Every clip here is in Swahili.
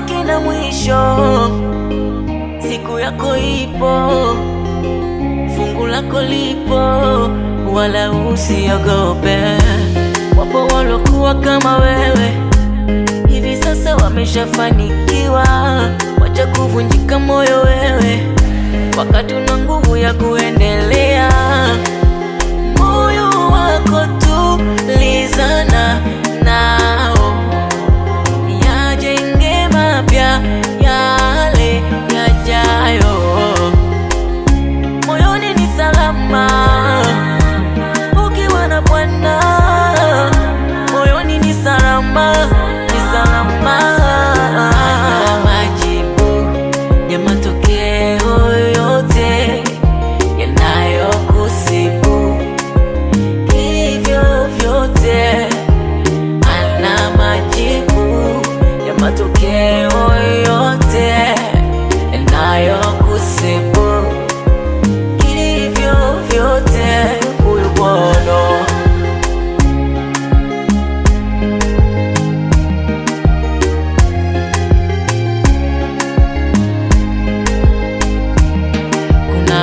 kina mwisho, siku yako ipo, fungu lako lipo, wala usiogope. Wapo walokuwa kama wewe, hivi sasa wameshafanikiwa. Wacha kuvunjika moyo wewe, wakati una nguvu ya kuenda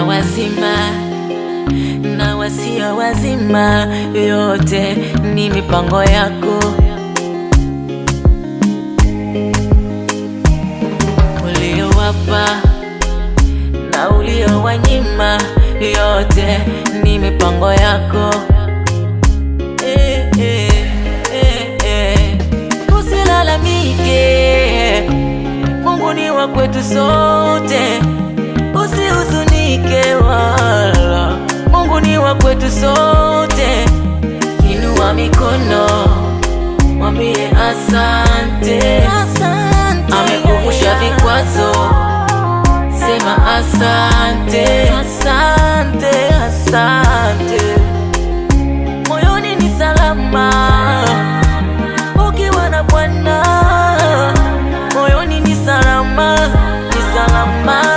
wazima na wasio wazima, yote ni mipango yako. Uliowapa na uliowanyima, yote ni mipango yako. Eh, eh, eh, Usilalamike, Mungu ni wa kwetu sote. wa kwetu sote, inua mikono mwambie asante. Amekuvusha vikwazo, sema asante, asante, asante. Moyoni ni salama ukiwa na Bwana, moyoni ni salama, ni salama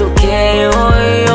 matokeo